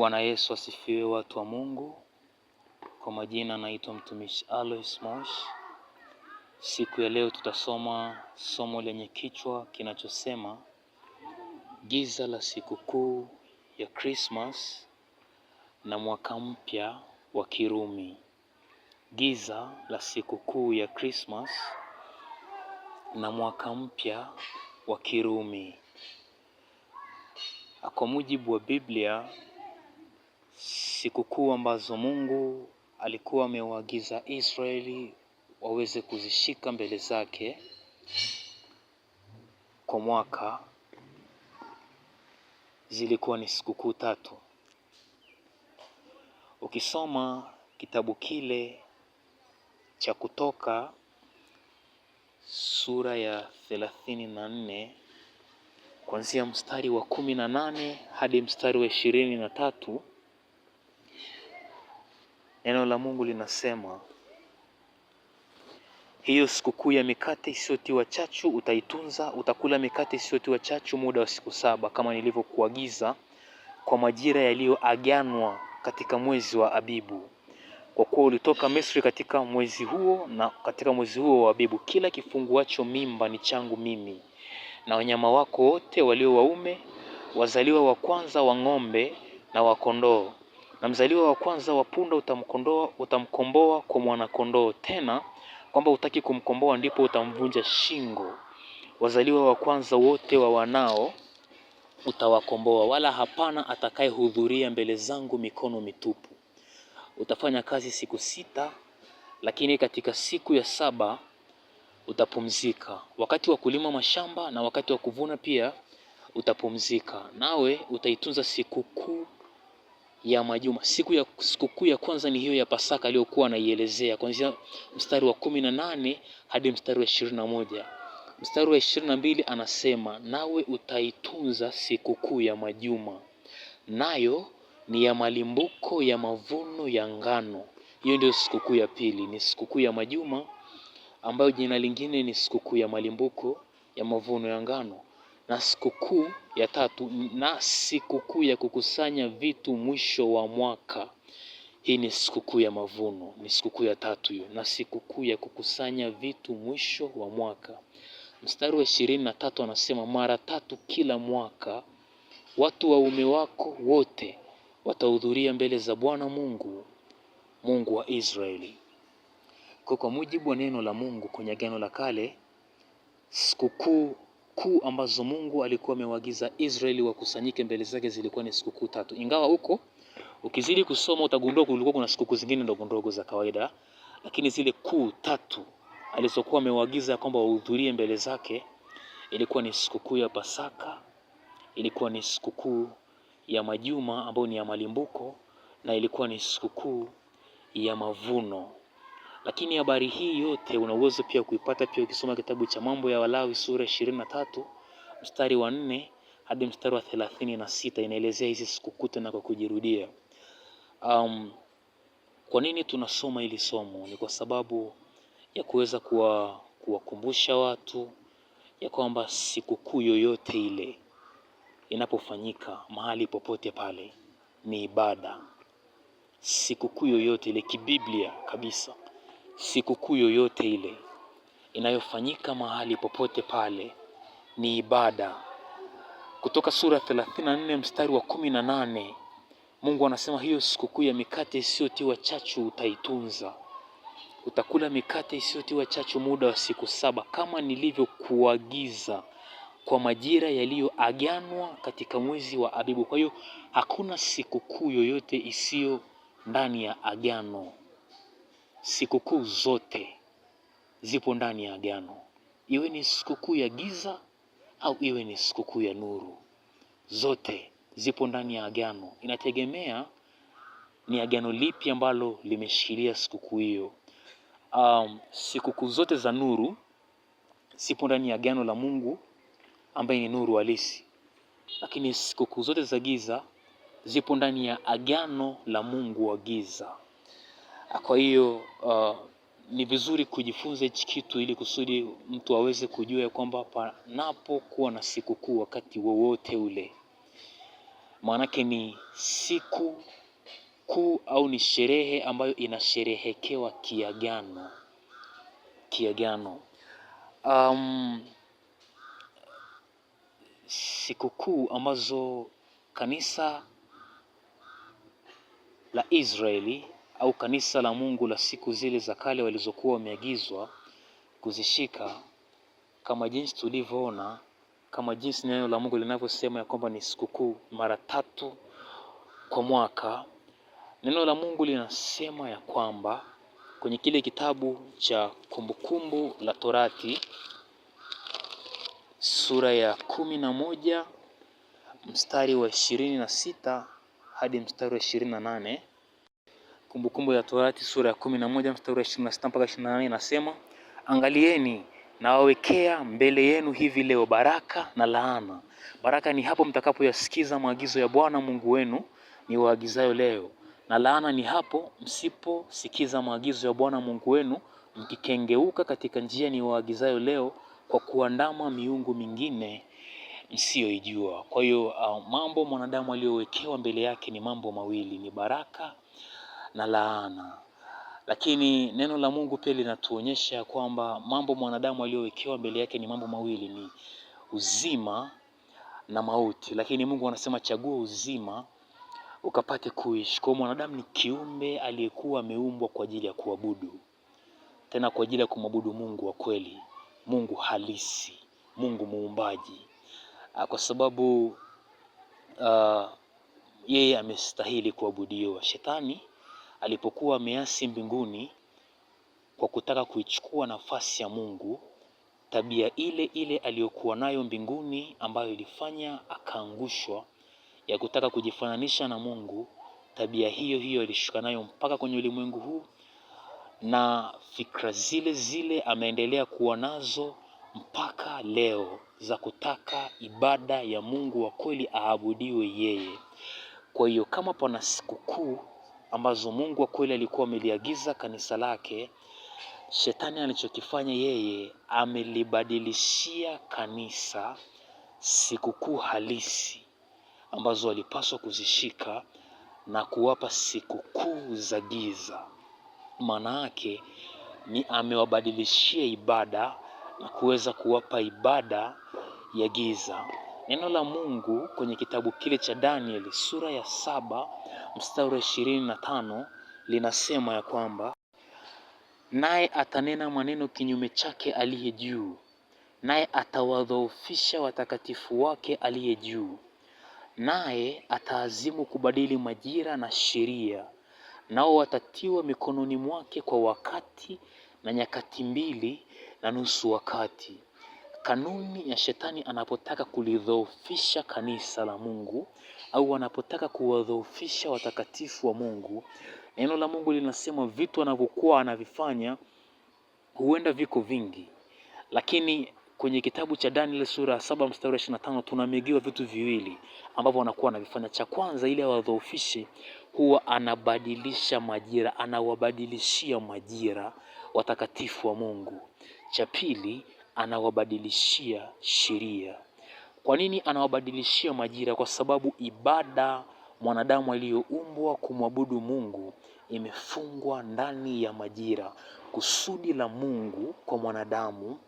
Bwana Yesu asifiwe, watu wa Mungu. Kwa majina naitwa mtumishi Alois Mosh. Siku ya leo tutasoma somo lenye kichwa kinachosema giza la sikukuu ya Krismas na mwaka mpya wa Kirumi. Giza la sikukuu ya Krismas na mwaka mpya wa Kirumi. Kwa mujibu wa Biblia sikukuu ambazo Mungu alikuwa amewaagiza Israeli waweze kuzishika mbele zake kwa mwaka zilikuwa ni sikukuu tatu. Ukisoma kitabu kile cha Kutoka sura ya thelathini na nne kuanzia mstari wa kumi na nane hadi mstari wa ishirini na tatu Neno la Mungu linasema hiyo sikukuu ya mikate isiyotiwa chachu utaitunza, utakula mikate isiyotiwa chachu muda wa siku saba, kama nilivyokuagiza kwa majira yaliyoaganwa katika mwezi wa Abibu, kwa kuwa ulitoka Misri katika mwezi huo, na katika mwezi huo wa Abibu kila kifunguacho mimba ni changu mimi, na wanyama wako wote walio waume, wazaliwa wa kwanza wa ng'ombe na wa kondoo na mzaliwa wa kwanza wa punda utamkondoa utamkomboa kwa mwanakondoo. Tena kwamba hutaki kumkomboa, ndipo utamvunja shingo. Wazaliwa wa kwanza wote wa wanao utawakomboa, wala hapana atakayehudhuria mbele zangu mikono mitupu. Utafanya kazi siku sita, lakini katika siku ya saba utapumzika. Wakati wa kulima mashamba na wakati wa kuvuna pia utapumzika, nawe utaitunza sikukuu ya majuma. Siku ya sikukuu ya kwanza ni hiyo ya Pasaka aliyokuwa anaielezea kuanzia mstari wa kumi na nane hadi mstari wa ishirini na moja. Mstari wa ishirini na mbili anasema nawe utaitunza sikukuu ya majuma, nayo ni ya malimbuko ya mavuno ya ngano. Hiyo ndio sikukuu ya pili, ni sikukuu ya majuma ambayo jina lingine ni sikukuu ya malimbuko ya mavuno ya ngano na sikukuu ya tatu na sikukuu ya kukusanya vitu mwisho wa mwaka. Hii ni sikukuu ya mavuno, ni sikukuu ya tatu hiyo, na sikukuu ya kukusanya vitu mwisho wa mwaka. Mstari wa ishirini na tatu anasema mara tatu kila mwaka watu waume wako wote watahudhuria mbele za Bwana Mungu, Mungu wa Israeli. Kwa kwa mujibu wa neno la Mungu kwenye Agano la Kale, sikukuu sikukuu ambazo Mungu alikuwa amewaagiza Israeli wakusanyike mbele zake zilikuwa ni sikukuu tatu, ingawa huko ukizidi kusoma utagundua kulikuwa kuna sikukuu zingine ndogo ndogo za kawaida, lakini zile kuu tatu alizokuwa amewaagiza kwamba wahudhurie mbele zake ilikuwa ni sikukuu ya Pasaka, ilikuwa ni sikukuu ya Majuma ambayo ni ya malimbuko, na ilikuwa ni sikukuu ya mavuno. Lakini habari hii yote una uwezo pia kuipata pia ukisoma kitabu cha Mambo ya Walawi sura ishirini na tatu mstari wa nne hadi mstari wa thelathini na sita inaelezea hizi sikukuu na kwa kujirudia. Um, kwa nini tunasoma hili somo? Ni kwa sababu ya kuweza kuwakumbusha watu ya kwamba sikukuu yoyote ile inapofanyika mahali popote pale ni ibada. Sikukuu yoyote ile kibiblia kabisa Sikukuu yoyote ile inayofanyika mahali popote pale ni ibada. Kutoka sura 34 mstari wa kumi na nane Mungu anasema hiyo sikukuu ya mikate isiyotiwa chachu utaitunza, utakula mikate isiyotiwa chachu muda wa siku saba kama nilivyokuagiza kwa majira yaliyoaganwa katika mwezi wa Abibu. Kwa hiyo hakuna sikukuu yoyote isiyo ndani ya agano. Sikukuu zote zipo ndani ya agano, iwe ni sikukuu ya giza au iwe ni sikukuu ya nuru, zote zipo ndani ya agano. Inategemea ni agano lipi ambalo limeshikilia sikukuu hiyo. Um, sikukuu zote za nuru zipo ndani ya agano la Mungu ambaye ni nuru halisi, lakini sikukuu zote za giza zipo ndani ya agano la Mungu wa giza. Ah, kwa hiyo uh, ni vizuri kujifunza hichi kitu ili kusudi mtu aweze kujua ya kwamba panapokuwa na sikukuu wakati wowote ule, maanake ni siku kuu au ni sherehe ambayo inasherehekewa kiagano kiagano. Um, sikukuu ambazo kanisa la Israeli au kanisa la Mungu la siku zile za kale walizokuwa wameagizwa kuzishika kama jinsi tulivyoona, kama jinsi neno la Mungu linavyosema ya kwamba ni sikukuu mara tatu kwa mwaka. Neno la Mungu linasema ya kwamba kwenye kile kitabu cha Kumbukumbu la Torati sura ya kumi na moja mstari wa ishirini na sita hadi mstari wa ishirini na nane Kumbukumbu ya Torati sura ya kumi na moja mstari wa ishirini na sita mpaka ishirini na nane inasema angalieni, nawawekea mbele yenu hivi leo baraka na laana. Baraka ni hapo mtakapoyasikiza maagizo ya Bwana Mungu wenu ni waagizayo leo, na laana ni hapo msiposikiza maagizo ya Bwana Mungu wenu mkikengeuka katika njia ni waagizayo leo kwa kuandama miungu mingine msiyoijua. Kwa hiyo uh, mambo mwanadamu aliyowekewa mbele yake ni mambo mawili, ni baraka na laana. Lakini neno la Mungu pia linatuonyesha kwamba mambo mwanadamu aliyowekewa mbele yake ni mambo mawili, ni uzima na mauti, lakini Mungu anasema chagua uzima ukapate kuishi. Kwa mwanadamu ni kiumbe aliyekuwa ameumbwa kwa ajili ya kuabudu, tena kwa ajili ya kumwabudu Mungu wa kweli, Mungu halisi, Mungu muumbaji, ah, kwa sababu uh, yeye amestahili kuabudiwa. Shetani alipokuwa ameasi mbinguni kwa kutaka kuichukua nafasi ya Mungu, tabia ile ile aliyokuwa nayo mbinguni ambayo ilifanya akaangushwa, ya kutaka kujifananisha na Mungu, tabia hiyo hiyo ilishuka nayo mpaka kwenye ulimwengu huu, na fikra zile zile ameendelea kuwa nazo mpaka leo za kutaka ibada ya Mungu wa kweli aabudiwe yeye. Kwa hiyo kama pana sikukuu ambazo Mungu wa kweli alikuwa ameliagiza kanisa lake, shetani alichokifanya yeye amelibadilishia kanisa sikukuu halisi ambazo walipaswa kuzishika na kuwapa sikukuu za giza. Maana yake ni amewabadilishia ibada na kuweza kuwapa ibada ya giza. Neno la Mungu kwenye kitabu kile cha Danieli sura ya saba mstari wa ishirini na tano linasema ya kwamba naye atanena maneno kinyume chake aliye juu, naye atawadhoofisha watakatifu wake aliye juu, naye ataazimu kubadili majira na sheria, nao watatiwa mikononi mwake kwa wakati na nyakati mbili na nusu wakati. Kanuni ya shetani anapotaka kulidhoofisha kanisa la Mungu au anapotaka kuwadhoofisha watakatifu wa Mungu, neno la Mungu linasema vitu anavyokuwa anavifanya huenda viko vingi, lakini kwenye kitabu cha Daniel sura ya saba mstari wa tano tunamegiwa vitu viwili ambavyo anakuwa anavifanya. Cha kwanza, ili awadhoofishe, huwa anabadilisha majira, anawabadilishia majira watakatifu wa Mungu. Cha pili anawabadilishia sheria. Kwa nini anawabadilishia majira? Kwa sababu ibada mwanadamu aliyoumbwa kumwabudu Mungu imefungwa ndani ya majira. Kusudi la Mungu kwa mwanadamu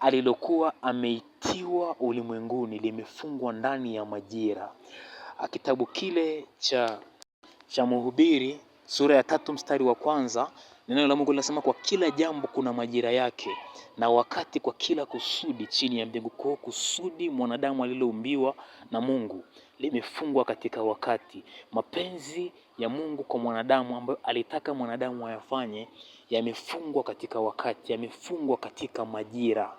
alilokuwa ameitiwa ulimwenguni limefungwa ndani ya majira. Kitabu kile cha, cha Mhubiri sura ya tatu mstari wa kwanza Neno la Mungu linasema kwa kila jambo kuna majira yake na wakati kwa kila kusudi chini ya mbingu. Kwa kusudi mwanadamu aliloumbiwa na Mungu limefungwa katika wakati. Mapenzi ya Mungu kwa mwanadamu ambayo alitaka mwanadamu ayafanye yamefungwa katika wakati, yamefungwa katika majira.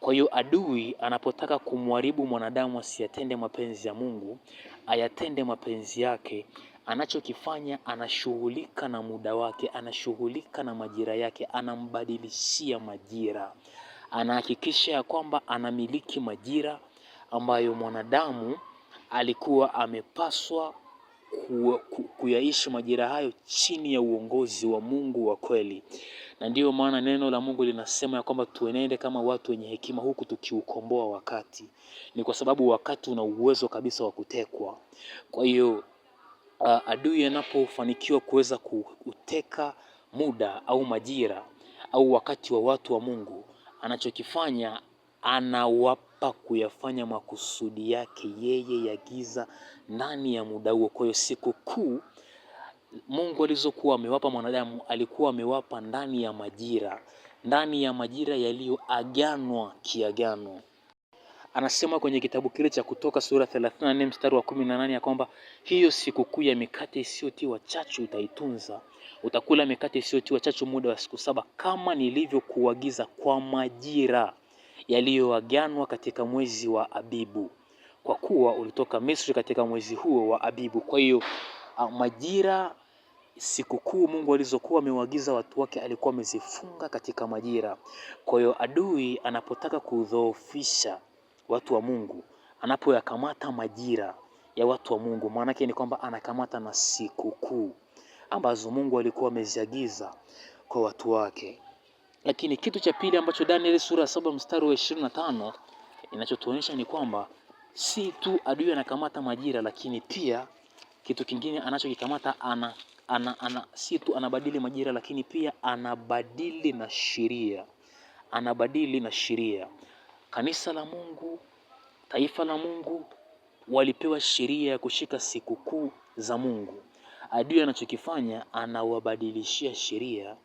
Kwa hiyo adui anapotaka kumharibu mwanadamu asiyatende mapenzi ya Mungu, ayatende mapenzi yake Anachokifanya, anashughulika na muda wake, anashughulika na majira yake, anambadilishia majira, anahakikisha ya kwamba anamiliki majira ambayo mwanadamu alikuwa amepaswa kuyaishi majira hayo chini ya uongozi wa Mungu wa kweli. Na ndiyo maana neno la Mungu linasema ya kwamba tuenende kama watu wenye hekima, huku tukiukomboa wakati. Ni kwa sababu wakati una uwezo kabisa wa kutekwa. Kwa hiyo uh, adui anapofanikiwa kuweza kuteka muda au majira au wakati wa watu wa Mungu, anachokifanya anawapa kuyafanya makusudi yake yeye ya giza ndani ya muda huo. Kwa hiyo siku kuu Mungu alizokuwa amewapa mwanadamu alikuwa amewapa ndani ya majira, ndani ya majira yaliyoaganwa kiagano anasema kwenye kitabu kile cha Kutoka sura 34 mstari wa 18 ya kwamba hiyo sikukuu ya mikate isiyotiwa chachu utaitunza, utakula mikate isiyotiwa chachu muda wa siku saba, kama nilivyokuagiza kwa majira yaliyoaganwa katika mwezi wa Abibu, kwa kuwa ulitoka Misri katika mwezi huo wa Abibu. Kwa hiyo ah, majira sikukuu Mungu alizokuwa amewaagiza watu wake alikuwa amezifunga katika majira. Kwa hiyo adui anapotaka kudhoofisha watu wa Mungu anapoyakamata majira ya watu wa Mungu, maanake ni kwamba anakamata na sikukuu ambazo Mungu alikuwa ameziagiza kwa watu wake. Lakini kitu cha pili ambacho Danieli sura ya saba mstari wa ishirini na tano inachotuonyesha ni kwamba si tu adui anakamata majira, lakini pia kitu kingine anachokikamata ana, ana, ana, si tu anabadili majira, lakini pia anabadili na sheria, anabadili na sheria. Kanisa la Mungu, taifa la Mungu walipewa sheria ya kushika sikukuu za Mungu. Adui anachokifanya anawabadilishia sheria,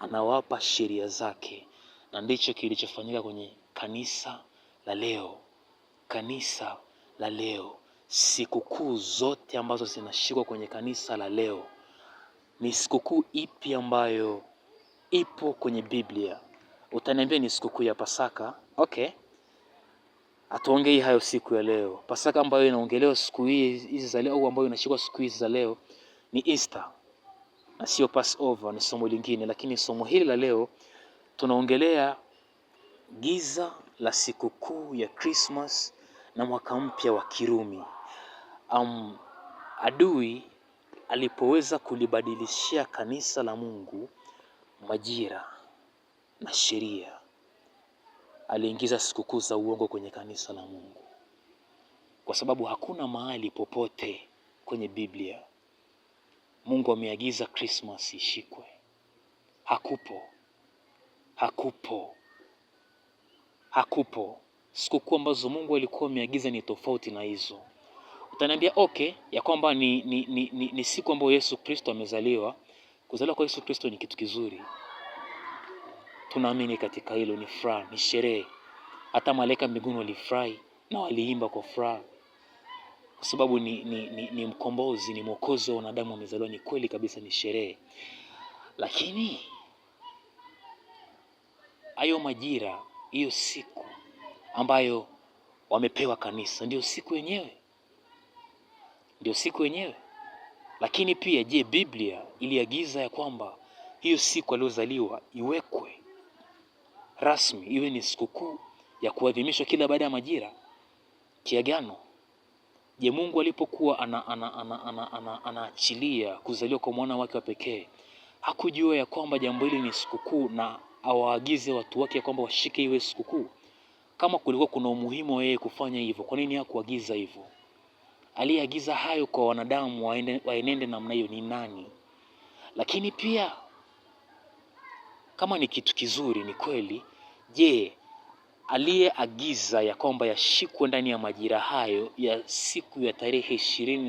anawapa sheria zake, na ndicho kilichofanyika kwenye kanisa la leo. Kanisa la leo, sikukuu zote ambazo zinashikwa kwenye kanisa la leo, ni sikukuu ipi ambayo ipo kwenye Biblia? Utaniambia ni sikukuu ya Pasaka. Okay, Hatuongei hayo siku ya leo. Pasaka ambayo inaongelewa siku hizi za leo au ambayo inashikwa siku hizi za leo ni Easter na sio Passover, ni somo lingine, lakini somo hili la leo tunaongelea giza la sikukuu ya Christmas na mwaka mpya wa Kirumi. Um, adui alipoweza kulibadilishia kanisa la Mungu majira na sheria aliingiza sikukuu za uongo kwenye kanisa la Mungu, kwa sababu hakuna mahali popote kwenye Biblia Mungu ameagiza Krismas ishikwe. Hakupo, hakupo, hakupo. Sikukuu ambazo Mungu alikuwa ameagiza ni tofauti na hizo. Utaniambia okay, ya kwamba ni, ni, ni, ni, ni siku ambayo Yesu Kristo amezaliwa. Kuzaliwa kwa Yesu Kristo ni kitu kizuri. Tunaamini katika hilo, ni furaha, ni sherehe. Hata malaika mbinguni walifurahi na waliimba kwa furaha, kwa sababu ni, ni, ni, ni mkombozi, ni mwokozi wa wanadamu wamezaliwa. Ni kweli kabisa, ni sherehe, lakini hayo majira, hiyo siku ambayo wamepewa kanisa, ndio siku yenyewe, ndio siku yenyewe. Lakini pia je, Biblia iliagiza ya kwamba hiyo siku aliyozaliwa iwekwe rasmi, iwe ni sikukuu ya kuadhimishwa kila baada ya majira. Kiagano, je, Mungu alipokuwa anaachilia ana, ana, ana, ana, ana kuzaliwa kwa mwana wake wa pekee hakujua ya kwamba jambo hili ni sikukuu na awaagize watu wake ya kwamba washike iwe sikukuu? Kama kulikuwa kuna umuhimu wa yeye kufanya hivyo, kwa nini hakuagiza hivyo? Aliyeagiza hayo kwa wanadamu waenende namna hiyo ni nani? Lakini pia kama ni kitu kizuri, ni kweli Je, aliyeagiza ya kwamba yashikwe ndani ya majira hayo ya siku ya tarehe ishirini